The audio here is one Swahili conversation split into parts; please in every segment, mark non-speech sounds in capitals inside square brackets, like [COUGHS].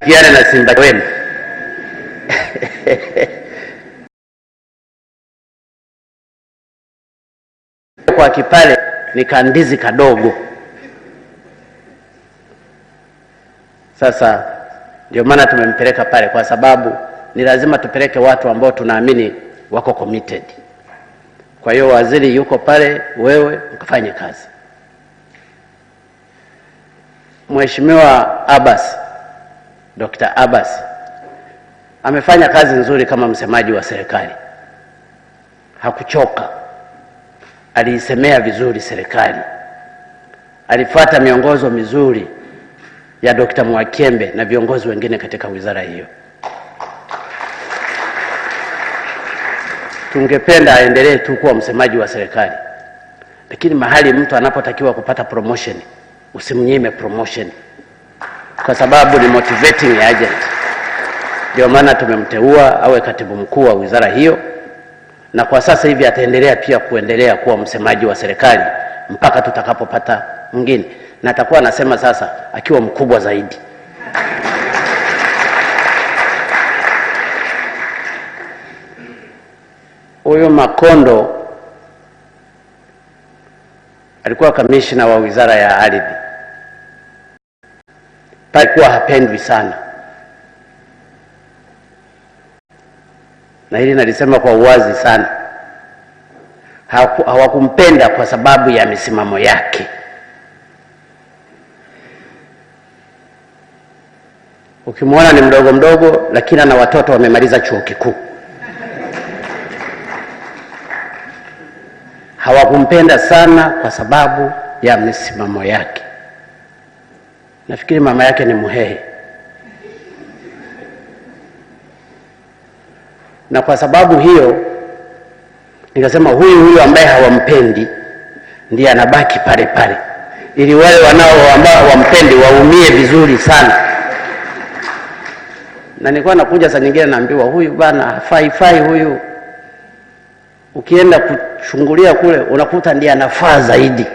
wakiana na simba wenu [LAUGHS] kwa kipale ni kandizi kadogo. Sasa ndio maana tumempeleka pale, kwa sababu ni lazima tupeleke watu ambao tunaamini wako committed. Kwa hiyo waziri yuko pale, wewe ukafanye kazi, Mheshimiwa Abbas. Dr. Abbas amefanya kazi nzuri kama msemaji wa serikali, hakuchoka, aliisemea vizuri serikali, alifuata miongozo mizuri ya Dr. Mwakembe na viongozi wengine katika wizara hiyo. Tungependa aendelee tu kuwa msemaji wa serikali, lakini mahali mtu anapotakiwa kupata promotion usimnyime promotion kwa sababu ni motivating agent. Ndio maana tumemteua awe katibu mkuu wa wizara hiyo, na kwa sasa hivi ataendelea pia kuendelea kuwa msemaji wa serikali mpaka tutakapopata mwingine, na atakuwa anasema sasa akiwa mkubwa zaidi. Huyu Makondo alikuwa kamishna wa wizara ya ardhi palikuwa hapendwi sana, na hili nalisema kwa uwazi sana. Hawakumpenda kwa sababu ya misimamo yake. Ukimwona ni mdogo mdogo, lakini ana watoto wamemaliza chuo kikuu. Hawakumpenda sana kwa sababu ya misimamo yake. Nafikiri mama yake ni Muhehe, na kwa sababu hiyo nikasema huyu huyu ambaye hawampendi ndiye anabaki pale pale, ili wale wanao ambao hawampendi waumie vizuri sana. Na nilikuwa nakuja saa nyingine naambiwa huyu bana hafai fai huyu, ukienda kuchungulia kule unakuta ndiye anafaa zaidi,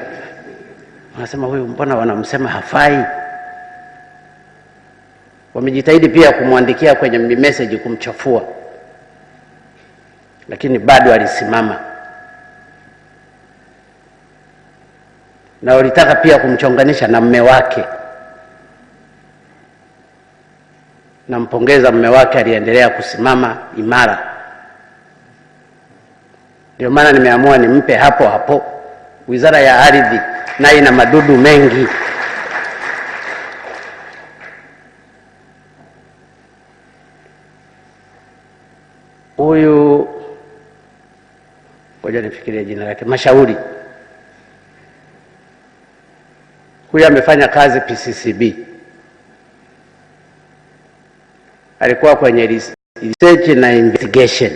unasema huyu mbona wanamsema hafai wamejitahidi pia kumwandikia kwenye meseji kumchafua, lakini bado alisimama na walitaka pia kumchonganisha na mme wake. Nampongeza mme wake, aliendelea kusimama imara. Ndio maana nimeamua nimpe hapo hapo wizara ya ardhi, naye ina madudu mengi. huyu moja nifikirie jina lake, Mashauri. Huyu amefanya kazi PCCB, alikuwa kwenye research na investigation.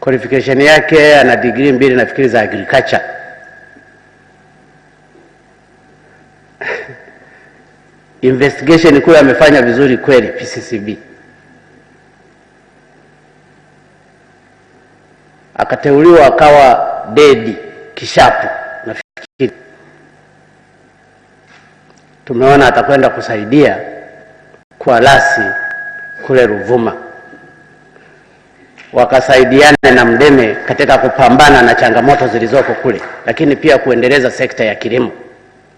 Qualification yake ana degree mbili nafikiri za agriculture investigation kule amefanya vizuri kweli PCCB, akateuliwa akawa dedi kishapu. Nafikiri tumeona atakwenda kusaidia kwa lasi kule Ruvuma, wakasaidiane na Mdeme katika kupambana na changamoto zilizoko kule, lakini pia kuendeleza sekta ya kilimo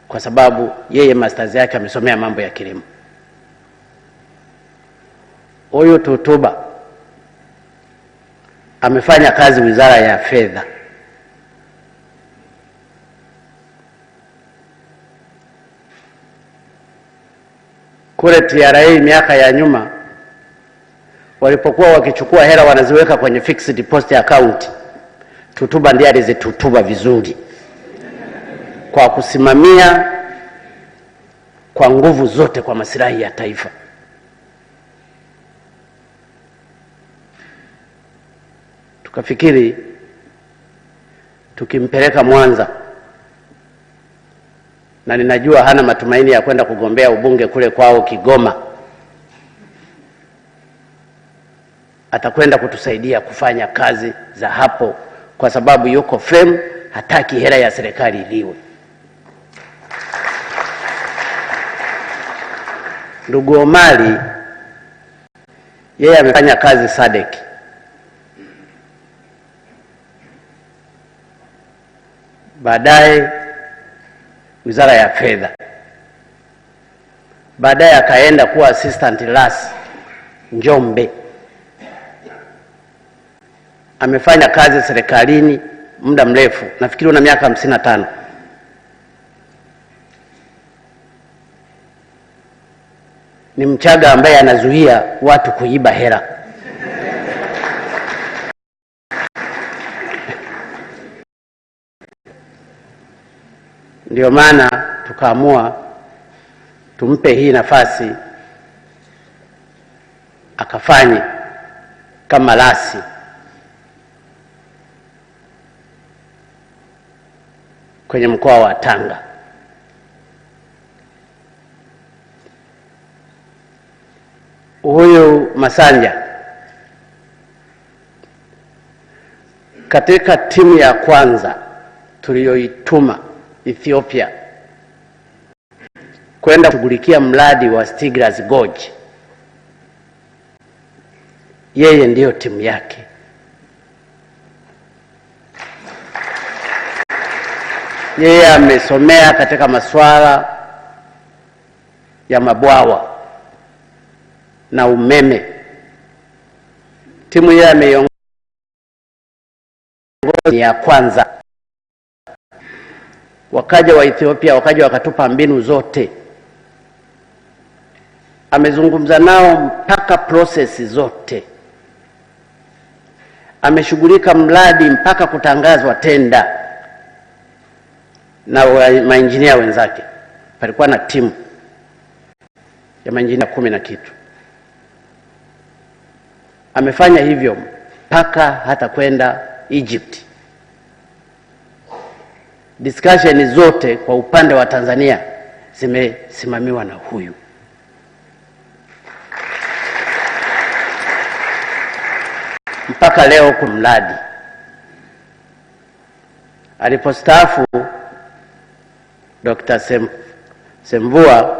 kwa sababu yeye masters yake amesomea mambo ya kilimo. Huyu Tutuba amefanya kazi wizara ya fedha, kule TRA miaka ya nyuma walipokuwa wakichukua hela wanaziweka kwenye fixed deposit account, Tutuba ndiye alizitutuba vizuri kwa kusimamia kwa nguvu zote kwa masilahi ya taifa. Tukafikiri tukimpeleka Mwanza, na ninajua hana matumaini ya kwenda kugombea ubunge kule kwao Kigoma, atakwenda kutusaidia kufanya kazi za hapo, kwa sababu yuko fem hataki hela ya serikali iliwe. Ndugu Omari yeye amefanya kazi SADC baadaye Wizara ya Fedha, baadaye akaenda kuwa assistant RAS Njombe. Amefanya kazi serikalini muda mrefu, nafikiri una miaka hamsini na tano. ni Mchaga ambaye anazuia watu kuiba hela. ndio maana tukaamua tumpe hii nafasi akafanye kama rasi. kwenye mkoa wa Tanga. huyu Masanja katika timu ya kwanza tuliyoituma Ethiopia kwenda kushughulikia mradi wa Stiglas Gorge, yeye ndiyo timu yake. Yeye amesomea katika masuala ya mabwawa na umeme. Timu hiyo ameiongoza ya kwanza, wakaja wa Ethiopia, wakaja wakatupa mbinu zote, amezungumza nao mpaka prosesi zote, ameshughulika mradi mpaka kutangazwa tenda na mainjinia wenzake. Palikuwa na timu ya mainjinia kumi na kitu. Amefanya hivyo mpaka hata kwenda Egypt. Discussion zote kwa upande wa Tanzania zimesimamiwa na huyu. Mpaka leo kuna mradi. Alipostaafu Dr. Sem, Semvua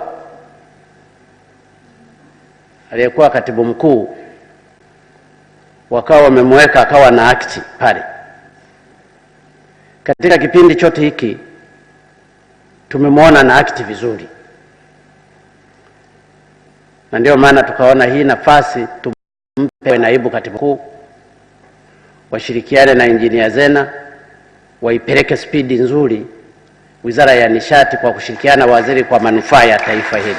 aliyekuwa katibu mkuu wakawa wamemweka akawa na akti pale. Katika kipindi chote hiki tumemwona na akti vizuri, na ndio maana tukaona hii nafasi tumpe naibu katibu mkuu, washirikiane na injinia Zena waipeleke spidi nzuri Wizara ya Nishati kwa kushirikiana waziri kwa manufaa ya taifa hili.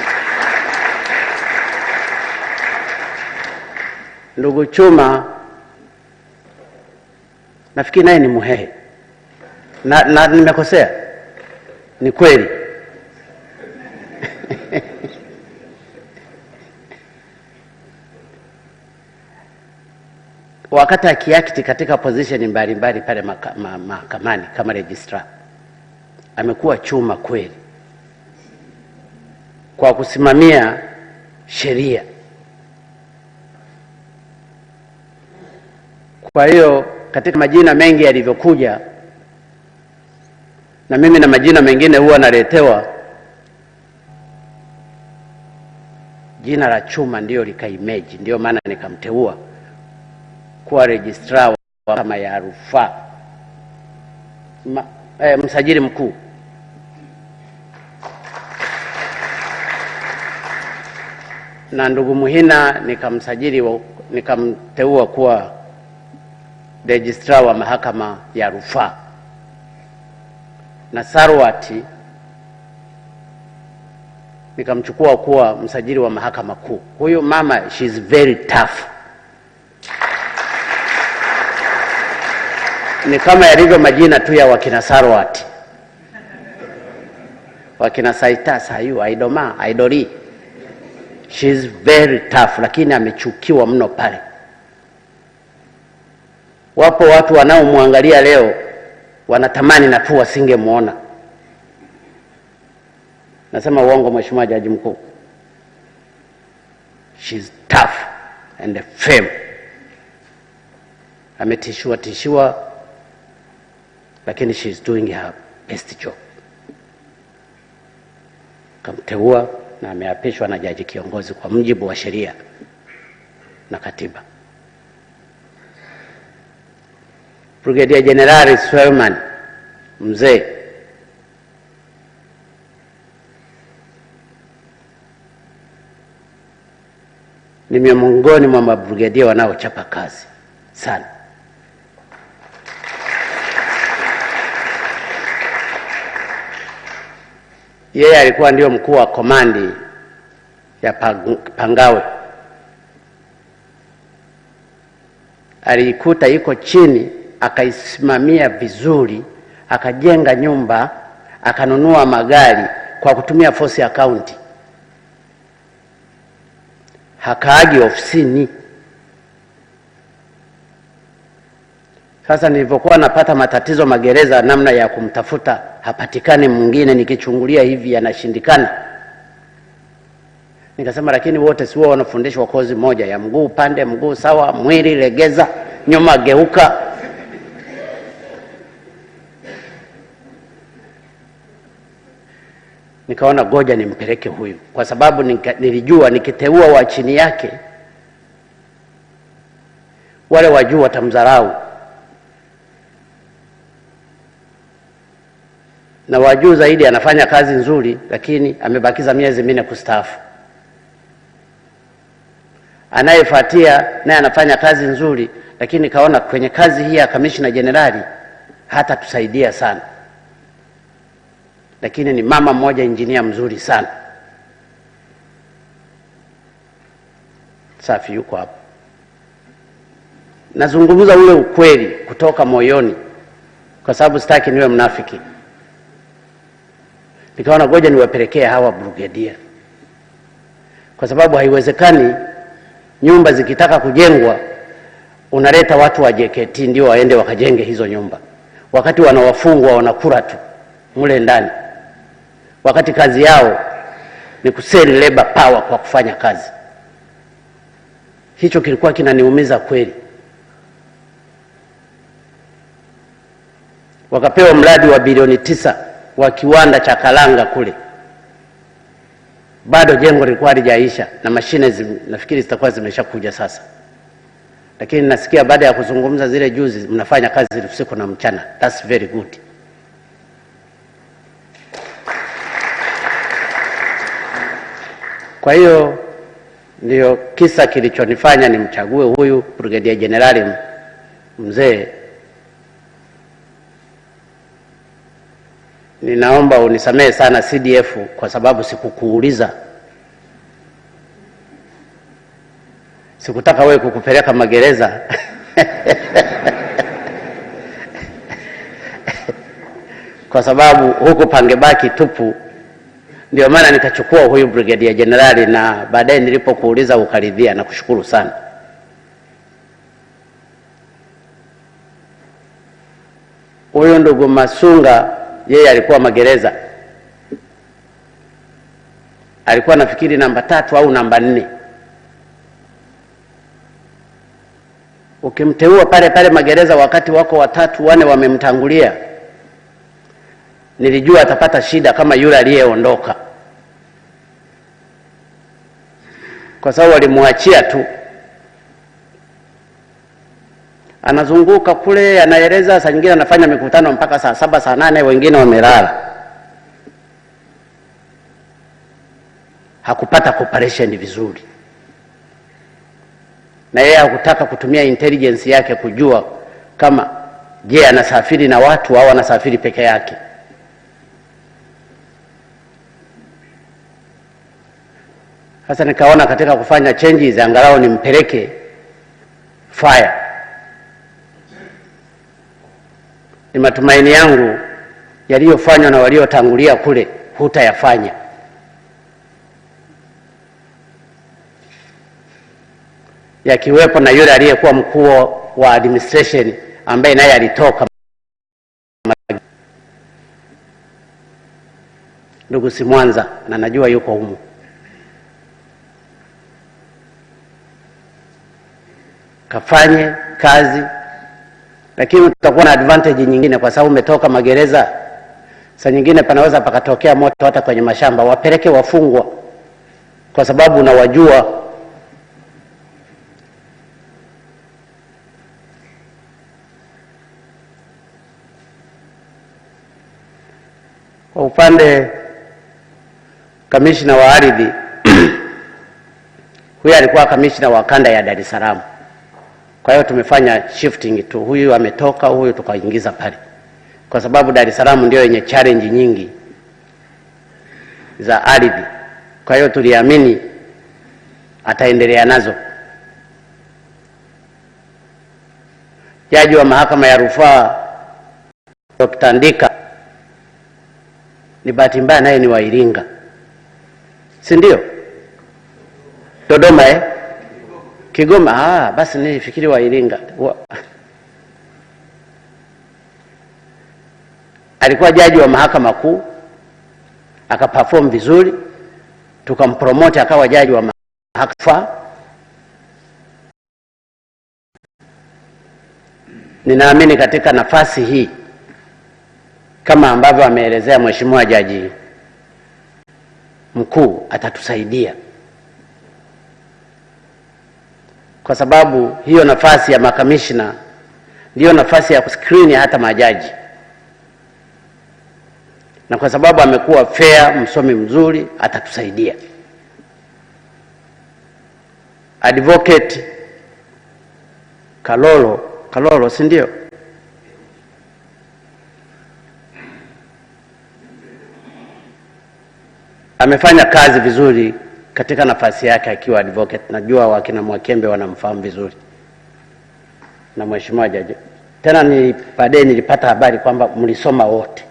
Ndugu Chuma nafikiri naye ni Muhehe na, na nimekosea, ni kweli [LAUGHS] wakati akiakti katika position mbalimbali pale mahakamani ma, ma, kama registrar amekuwa chuma kweli kwa kusimamia sheria. Kwa hiyo katika majina mengi yalivyokuja, na mimi na majina mengine huwa naletewa, jina la Chuma ndiyo likaimeji, ndio maana nikamteua kuwa registrar wa mahakama ya rufaa eh, msajili mkuu. Na ndugu Muhina nikamsajili, nikamteua kuwa rejistra wa mahakama ya rufaa na Sarwati nikamchukua kuwa msajili wa mahakama kuu. Huyu mama she is very tough, ni kama yalivyo majina tu ya wakina Sarwati, wakina Saita, Sayu, Aidoma, Aidori. She is very tough, lakini amechukiwa mno pale. Wapo watu wanaomwangalia leo wanatamani na tu wasingemwona. Nasema uongo, Mheshimiwa Jaji Mkuu? is tough and firm. Ametishiwa tishiwa, lakini is doing her best job. Kamteua na ameapishwa na jaji kiongozi kwa mujibu wa sheria na katiba. Brigadier Jenerali Swellman Mzee, ni miongoni mwa mabrigadia wanaochapa kazi sana. Yeye alikuwa ndio mkuu wa komandi ya Pangawe, aliikuta iko chini akaisimamia vizuri, akajenga nyumba, akanunua magari kwa kutumia force account, hakaaji ofisini. Sasa nilivyokuwa napata matatizo magereza, namna ya kumtafuta hapatikani mwingine, nikichungulia hivi yanashindikana. Nikasema lakini wote siwo wanafundishwa kozi moja ya mguu pande, mguu sawa, mwili legeza, nyuma geuka. nikaona goja nimpeleke huyu, kwa sababu nika, nilijua nikiteua wa chini yake wale wa juu watamdharau na wa juu zaidi anafanya kazi nzuri, lakini amebakiza miezi minne kustaafu. Anayefuatia naye anafanya kazi nzuri, lakini kaona kwenye kazi hii ya kamishna jenerali hata tusaidia sana lakini ni mama mmoja injinia mzuri sana. Safi, yuko hapo. Nazungumza ule ukweli kutoka moyoni, kwa sababu sitaki niwe mnafiki. Nikaona goja niwapelekee hawa brigedia, kwa sababu haiwezekani nyumba zikitaka kujengwa unaleta watu wa JKT ndio waende wakajenge hizo nyumba, wakati wanawafungwa wanakula tu mule ndani wakati kazi yao ni kuseli labor power kwa kufanya kazi. Hicho kilikuwa kinaniumiza kweli. Wakapewa mradi wa bilioni tisa wa kiwanda cha karanga kule, bado jengo lilikuwa halijaisha na mashine nafikiri zitakuwa zimeshakuja sasa, lakini nasikia baada ya kuzungumza zile juzi, mnafanya kazi usiku na mchana. That's very good. Kwa hiyo ndio kisa kilichonifanya nimchague huyu Brigedia Jenerali Mzee. Ninaomba unisamehe sana CDF kwa sababu sikukuuliza, sikutaka wewe kukupeleka magereza [LAUGHS] kwa sababu huku pangebaki tupu. Ndio maana nikachukua huyu brigadia jenerali, na baadaye nilipokuuliza ukaridhia, na kushukuru sana. Huyu ndugu Masunga yeye alikuwa magereza, alikuwa nafikiri namba tatu au namba nne. Ukimteua pale pale magereza, wakati wako watatu wane wamemtangulia, nilijua atapata shida kama yule aliyeondoka. kwa sababu walimwachia tu, anazunguka kule, anaeleza, saa nyingine anafanya mikutano mpaka saa saba saa nane, wengine wamelala, hakupata cooperation vizuri, na yeye hakutaka kutumia intelligence yake kujua kama je, anasafiri na watu au anasafiri peke yake. Sasa nikaona katika kufanya changes angalau nimpeleke fire. Ni matumaini yangu yaliyofanywa na waliotangulia kule hutayafanya. Yakiwepo na yule aliyekuwa mkuu wa administration ambaye naye alitoka. Ndugu Simwanza na najua yuko humo kafanye kazi, lakini utakuwa na advantage nyingine, kwa sababu umetoka magereza. Saa nyingine panaweza pakatokea moto hata kwenye mashamba, wapeleke wafungwa, kwa sababu unawajua. Kwa upande kamishna wa ardhi [CLEARS THROAT] huyu alikuwa kamishna wa kanda ya Dar es Salaam. Kwa hiyo tumefanya shifting tu, huyu ametoka, huyu tukaingiza pale, kwa sababu Dar es Salaam ndio yenye challenge nyingi za ardhi. Kwa hiyo tuliamini ataendelea nazo. Jaji wa mahakama ya rufaa Dr. Ndika ni bahati mbaya naye ni wa Iringa, si ndio? Dodoma eh? Kigoma, ah, basi nilifikiri wa Iringa wa... alikuwa jaji wa mahakama kuu akaperform vizuri, tukampromote akawa jaji wa mahakama. Ninaamini katika nafasi hii kama ambavyo ameelezea mheshimiwa jaji mkuu, atatusaidia kwa sababu hiyo nafasi ya makamishna ndiyo nafasi ya kuskrini hata majaji, na kwa sababu amekuwa fair, msomi mzuri, atatusaidia. Advocate Kalolo, Kalolo si ndio? amefanya kazi vizuri katika nafasi yake akiwa advocate. Najua wakina Mwakembe wanamfahamu vizuri na mheshimiwa jaji. Tena ni baadaye nilipata habari kwamba mlisoma wote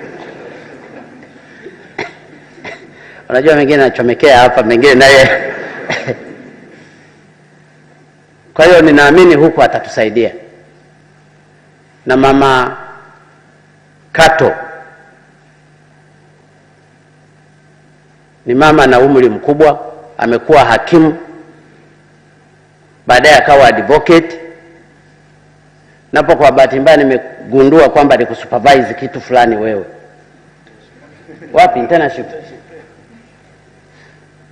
[COUGHS] unajua mengine nachomekea hapa, mengine naye [COUGHS] kwa hiyo ninaamini huku atatusaidia na mama Kato Ni mama na umri mkubwa, amekuwa hakimu, baadaye akawa advocate. Napo kwa bahati mbaya nimegundua kwamba ni kusupervise kitu fulani. Wewe wapi internship?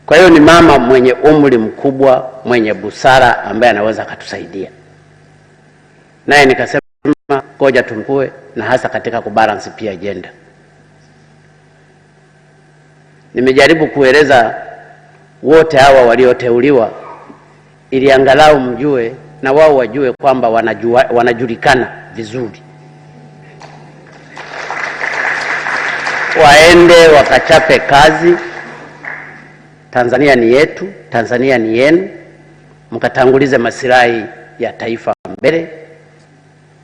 Kwa hiyo ni mama mwenye umri mkubwa, mwenye busara, ambaye anaweza akatusaidia naye, nikasema ngoja tumkue, na hasa katika kubalansi pia agenda. Nimejaribu kueleza wote hawa walioteuliwa, ili angalau mjue na wao wajue kwamba wanajua, wanajulikana vizuri, waende wakachape kazi. Tanzania ni yetu, Tanzania ni yenu, mkatangulize masilahi ya taifa mbele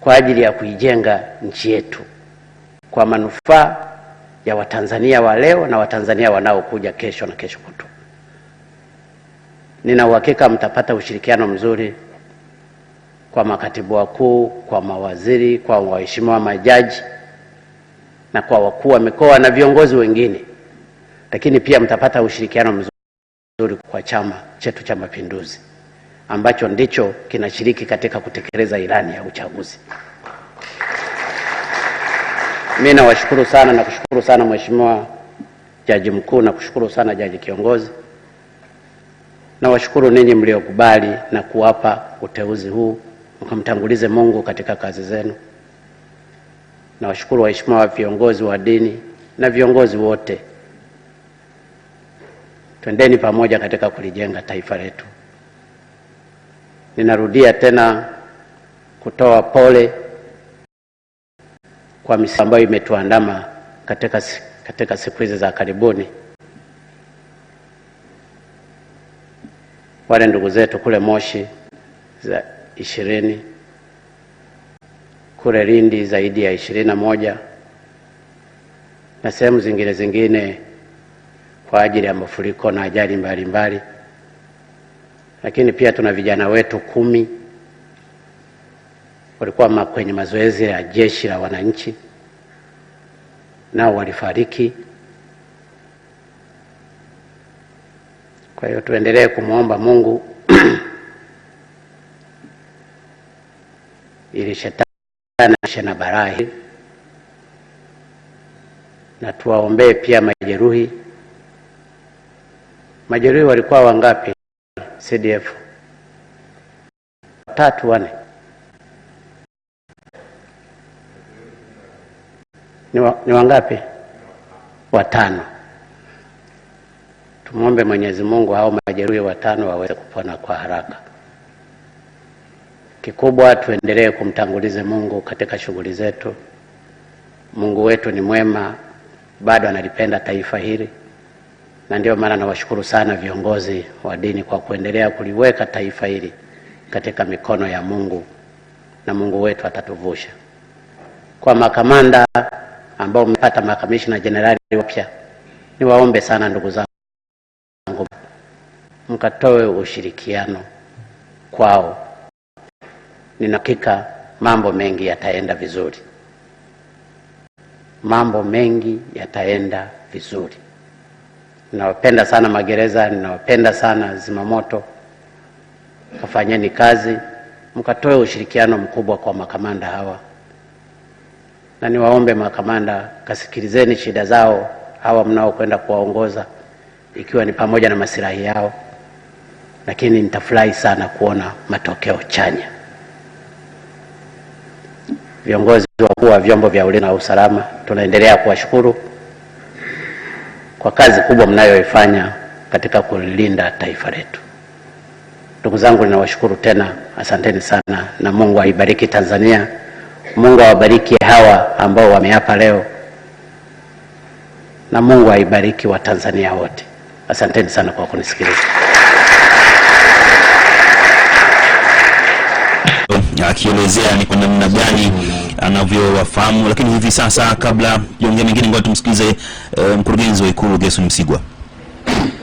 kwa ajili ya kuijenga nchi yetu kwa manufaa ya Watanzania wa leo na Watanzania wanaokuja kesho na kesho kutu. Nina uhakika mtapata ushirikiano mzuri kwa makatibu wakuu, kwa mawaziri, kwa waheshimiwa majaji na kwa wakuu wa mikoa na viongozi wengine, lakini pia mtapata ushirikiano mzuri kwa chama chetu cha Mapinduzi ambacho ndicho kinashiriki katika kutekeleza ilani ya uchaguzi. Mimi nawashukuru sana, nakushukuru sana Mheshimiwa Jaji Mkuu, nakushukuru sana Jaji Kiongozi, nawashukuru ninyi mliokubali na kuwapa uteuzi huu mkamtangulize Mungu katika kazi zenu. Nawashukuru waheshimiwa viongozi wa dini na viongozi wote, twendeni pamoja katika kulijenga taifa letu. Ninarudia tena kutoa pole kwa misimu ambayo imetuandama katika, katika siku hizi za karibuni. Wale ndugu zetu kule Moshi za ishirini, kule Lindi zaidi ya ishirini na moja na sehemu zingine zingine kwa ajili ya mafuriko na ajali mbalimbali mbali. Lakini pia tuna vijana wetu kumi walikuwa kwenye mazoezi ya jeshi la wananchi, nao walifariki. Kwa hiyo tuendelee kumwomba Mungu [CLEARS THROAT] ili shetani ashe na balaa na tuwaombee pia majeruhi. Majeruhi walikuwa wangapi? CDF watatu, wane ni, wa, ni wangapi? Watano. Tumwombe Mwenyezi Mungu hao majeruhi watano waweze kupona kwa haraka. Kikubwa tuendelee kumtanguliza Mungu katika shughuli zetu. Mungu wetu ni mwema, bado analipenda taifa hili, na ndio maana nawashukuru sana viongozi wa dini kwa kuendelea kuliweka taifa hili katika mikono ya Mungu, na Mungu wetu atatuvusha kwa makamanda ambao mmepata makamishna jenerali wapya, niwaombe sana ndugu zangu, mkatoe ushirikiano kwao. Nina hakika mambo mengi yataenda vizuri, mambo mengi yataenda vizuri. Ninawapenda sana magereza, ninawapenda sana zimamoto. Kafanyeni kazi, mkatoe ushirikiano mkubwa kwa makamanda hawa na niwaombe makamanda, kasikilizeni shida zao hawa mnaokwenda kuwaongoza, ikiwa ni pamoja na masilahi yao, lakini nitafurahi sana kuona matokeo chanya. Viongozi wakuu wa vyombo vya ulinzi na usalama, tunaendelea kuwashukuru kwa kazi kubwa mnayoifanya katika kulinda taifa letu. Ndugu zangu, ninawashukuru tena, asanteni sana, na Mungu aibariki Tanzania. Mungu awabariki hawa ambao wameapa leo, na Mungu aibariki wa Tanzania wote. Asanteni sana kwa kunisikiliza. Akielezea ni kwa namna gani anavyowafahamu, lakini hivi sasa, kabla tuongee mengine, ngoja tumsikilize uh, mkurugenzi wa Ikulu Gerson Msigwa.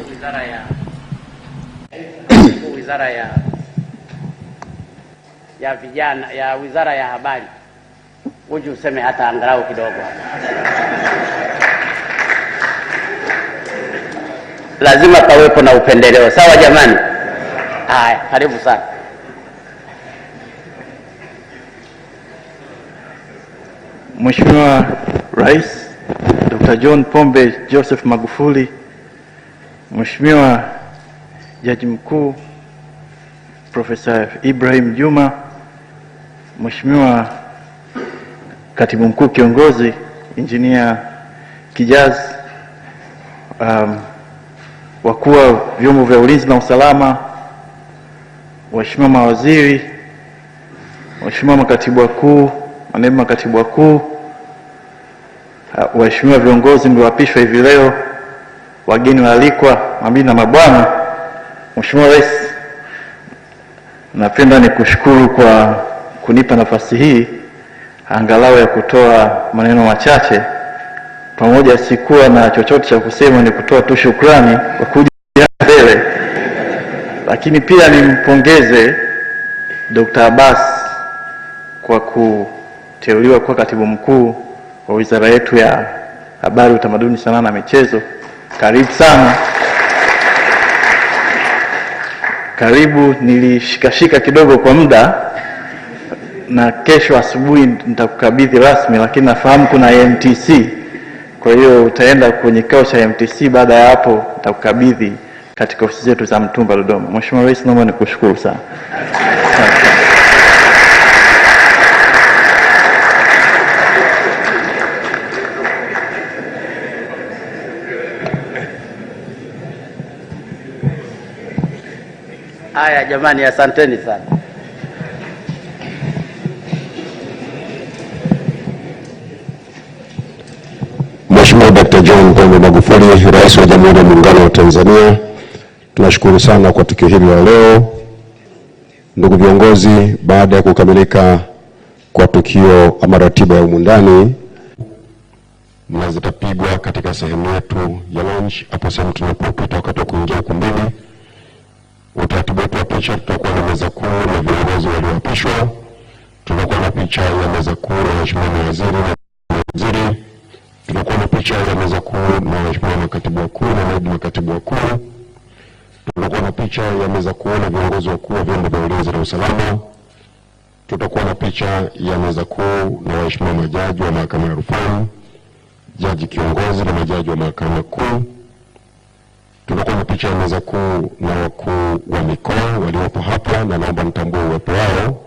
Wizara ya [CLEARS THROAT] wizara ya ya vijana ya wizara ya habari huju useme hata angalau kidogo lazima pawepo na upendeleo. Sawa jamani? Haya, karibu sana. Mheshimiwa Rais Dr. John Pombe Joseph Magufuli, Mheshimiwa Jaji Mkuu Profesa Ibrahim Juma, Mheshimiwa katibu mkuu kiongozi Injinia Kijazi, um, wakuu wa vyombo vya ulinzi na usalama, waheshimiwa mawaziri, waheshimiwa makatibu wakuu, manaibu makatibu wakuu, uh, waheshimiwa viongozi mlioapishwa hivi leo, wageni waalikwa, mabibi na mabwana, Mheshimiwa Rais, napenda nikushukuru kwa kunipa nafasi hii angalau ya kutoa maneno machache, pamoja sikuwa na chochote cha kusema, ni kutoa tu shukrani kwa kuja mbele, lakini pia nimpongeze Dr. Abbas kwa kuteuliwa kuwa katibu mkuu wa wizara yetu ya habari, utamaduni, sanaa na michezo. Karibu sana, karibu. Nilishikashika kidogo kwa muda na kesho asubuhi nitakukabidhi rasmi, lakini nafahamu kuna MTC. Kwa hiyo utaenda kwenye kikao cha MTC, baada ya hapo nitakukabidhi katika ofisi zetu za Mtumba Dodoma. Mheshimiwa Rais, naomba nikushukuru sana. Haya jamani, asanteni sana. Pombe Magufuli, Rais wa Jamhuri ya Muungano wa Tanzania. Tunashukuru sana kwa tukio hili la leo. Ndugu viongozi, baada ya kukamilika kwa tukio ama ratiba ya umundani, ndani na zitapigwa katika sehemu yetu ya lunch hapo sehemu tunapopita wakati wa kuingia kumbini. Utaratibu wetu wa picha, tutakuwa na meza kuu na viongozi walioapishwa, tutakuwa na picha ya meza kuu na mheshimiwa mawaziri na waziri Tunakuwa na picha ya meza kuu na waheshimiwa makatibu wakuu na naibu makatibu wakuu. Tunakuwa na picha ya meza kuu na viongozi wakuu wa vyombo vya ulinzi na usalama. Tutakuwa na picha ya meza kuu na waheshimiwa majaji wa mahakama ya rufaa, jaji kiongozi na majaji wa mahakama kuu. Tutakuwa na picha ya meza kuu na wakuu wa mikoa waliopo hapa, na naomba nitambue uwepo wao.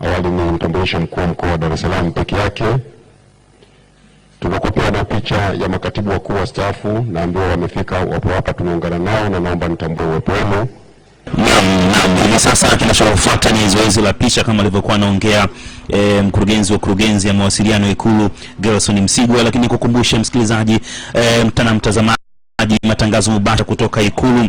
Awali nilimtambulisha mkuu wa mkoa wa Dar es Salaam peke yake tumekupeana picha ya makatibu wakuu wastaafu, naambiwa wamefika, wapo hapa, tumeungana nao na naomba nitambue uwepo wenu. Naam, naam, hivi sasa kinachofuata ni zoezi la picha kama alivyokuwa anaongea e, mkurugenzi wa kurugenzi ya mawasiliano Ikulu Gerson Msigwa, lakini kukumbusha msikilizaji e, eh, mtana mtazamaji matangazo mubasha kutoka Ikulu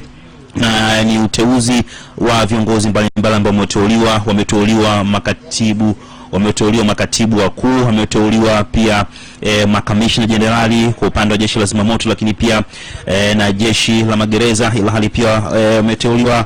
na ni uteuzi wa viongozi mbalimbali ambao wameteuliwa wameteuliwa makatibu wameteuliwa makatibu wakuu, wameteuliwa pia e, makamishna jenerali kwa upande wa jeshi la zimamoto, lakini pia e, na jeshi la magereza, ila hali pia eh, wameteuliwa e,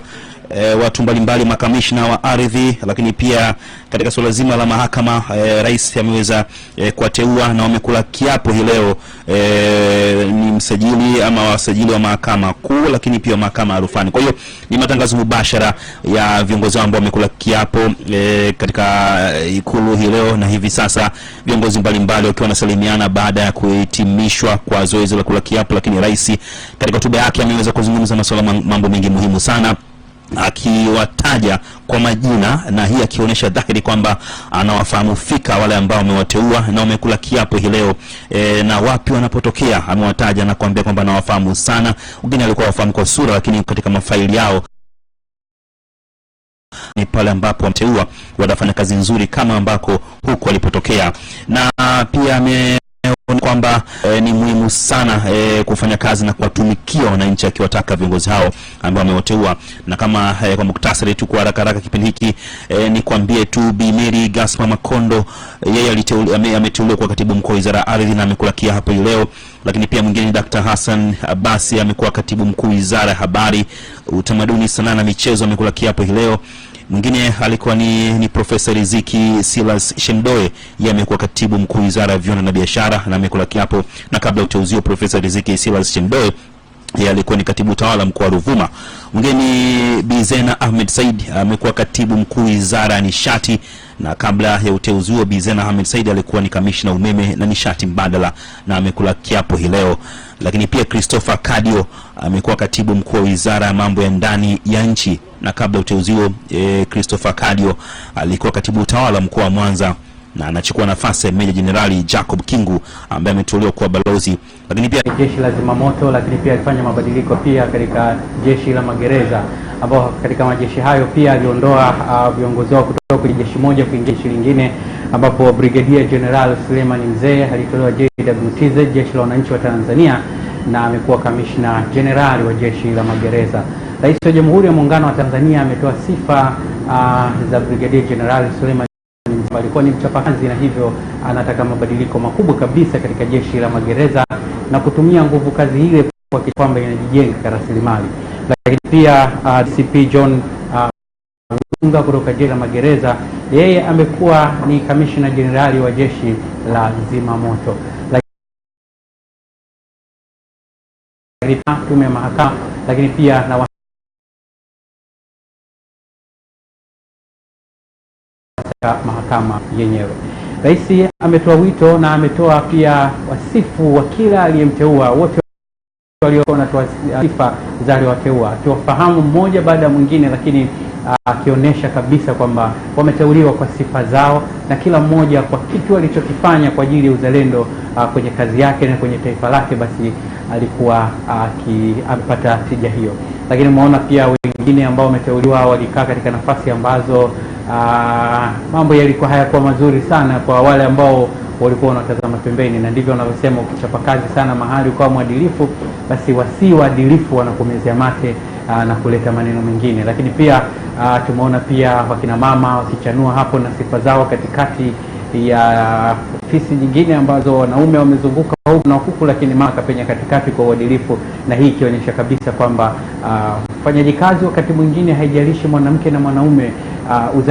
e, watu mbalimbali, makamishna wa ardhi, lakini pia katika suala zima la mahakama e, rais ameweza e, kuwateua na wamekula kiapo hii leo e, ni msajili ama wasajili wa mahakama kuu, lakini pia mahakama ya rufani. Kwa hiyo ni matangazo mubashara ya viongozi ambao wamekula kiapo e, katika ikulu hii leo, na hivi sasa viongozi mbalimbali wakiwa wanasalimiana baada ya kuhitimishwa kwa zoezi la kula kiapo, lakini rais katika hotuba yake ameweza kuzungumza masuala mambo mengi muhimu sana akiwataja kwa majina na hii akionyesha dhahiri kwamba anawafahamu fika wale ambao wamewateua na wamekula kiapo hii leo e, na wapi wanapotokea amewataja na kuambia kwamba anawafahamu sana. Wengine alikuwa wafahamu kwa sura, lakini katika mafaili yao ni pale ambapo wameteua watafanya kazi nzuri kama ambako huku walipotokea, na pia ame kwamba e, ni muhimu sana e, kufanya kazi na kuwatumikia wananchi, akiwataka viongozi hao ambao wamewateua. Na kama e, kwa muktasari tu kwa haraka haraka kipindi hiki e, ni kwambie tu Bi Mary Gaspar Makondo yeye ame, ameteuliwa kwa katibu mkuu wa Wizara ya Ardhi na amekulakia hapo leo, lakini pia mwingine ni Dr. Hassan Abasi amekuwa katibu mkuu Wizara ya Habari, Utamaduni, Sanaa na Michezo amekulakia hapo leo. Mwingine alikuwa ni, ni Profesa Riziki Silas Shendoe, yeye amekuwa katibu mkuu wizara ya viwanda na biashara na amekula kiapo, na kabla ya uteuzi wa Profesa Riziki Silas Shendoe yeye alikuwa ni katibu tawala mkoa wa Ruvuma. Mwingine Bizena Ahmed Said amekuwa katibu mkuu wizara ya nishati, na kabla ya uteuzi huo Bizena Ahmed Said alikuwa ni kamishna umeme na nishati mbadala na amekula kiapo hii leo. Lakini pia Christopher Kadio amekuwa katibu mkuu wa wizara ya mambo ya ndani ya nchi, na kabla uteuzi huo e, Christopher Kadio alikuwa katibu utawala mkoa wa Mwanza na anachukua nafasi ya Meja Jenerali Jacob Kingu ambaye ameteuliwa kuwa balozi. Lakini pia jeshi la zimamoto, lakini pia alifanya mabadiliko pia katika jeshi la magereza, ambao katika majeshi hayo pia aliondoa viongozi uh, wao kutoka kwenye jeshi moja kuingia jeshi lingine, ambapo Brigedia general Suleiman Mzee alitolewa JWTZ, jeshi la wananchi wa Tanzania na amekuwa kamishna jenerali wa jeshi la magereza. Rais wa Jamhuri ya Muungano wa Tanzania ametoa sifa uh, za Brigedia Jenerali Suleiman alikuwa ni mchapakazi na hivyo anataka mabadiliko makubwa kabisa katika jeshi la magereza na kutumia nguvu kazi ile kwa kwamba inajijenga rasilimali. Lakini pia uh, ah, CP John ah, Unga uh, kutoka jeshi la magereza, yeye amekuwa ni kamishna jenerali wa jeshi la zimamoto. ripaa yaani tume ya mahakama, lakini pia na mahakama yenyewe. Rais ametoa wito na ametoa pia wasifu wa kila aliyemteua, wote waliokuwa wanatoa sifa za aliowateua, tuwafahamu mmoja baada ya mwingine, lakini akionyesha kabisa kwamba wameteuliwa kwa sifa zao na kila mmoja kwa kitu alichokifanya kwa ajili ya uzalendo a, ah, kwenye kazi yake na kwenye taifa lake, basi alikuwa ah, amepata tija hiyo. Lakini umeona pia wengine ambao wameteuliwa walikaa katika nafasi ambazo ah, mambo yalikuwa hayakuwa mazuri sana kwa wale ambao walikuwa wanatazama pembeni, na ndivyo wanavyosema, ukichapa kazi sana mahali ukawa mwadilifu, basi wasi waadilifu wanakumezea mate. Ah, na kuleta maneno mengine, lakini pia ah, tumeona pia wakinamama wakichanua hapo na sifa zao katikati ya ofisi nyingine ambazo wanaume wamezunguka huku na huku, lakini mama akapenya katikati kwa uadilifu, na hii ikionyesha kabisa kwamba ah, ufanyaji kazi wakati mwingine haijalishi mwanamke na mwanaume uh,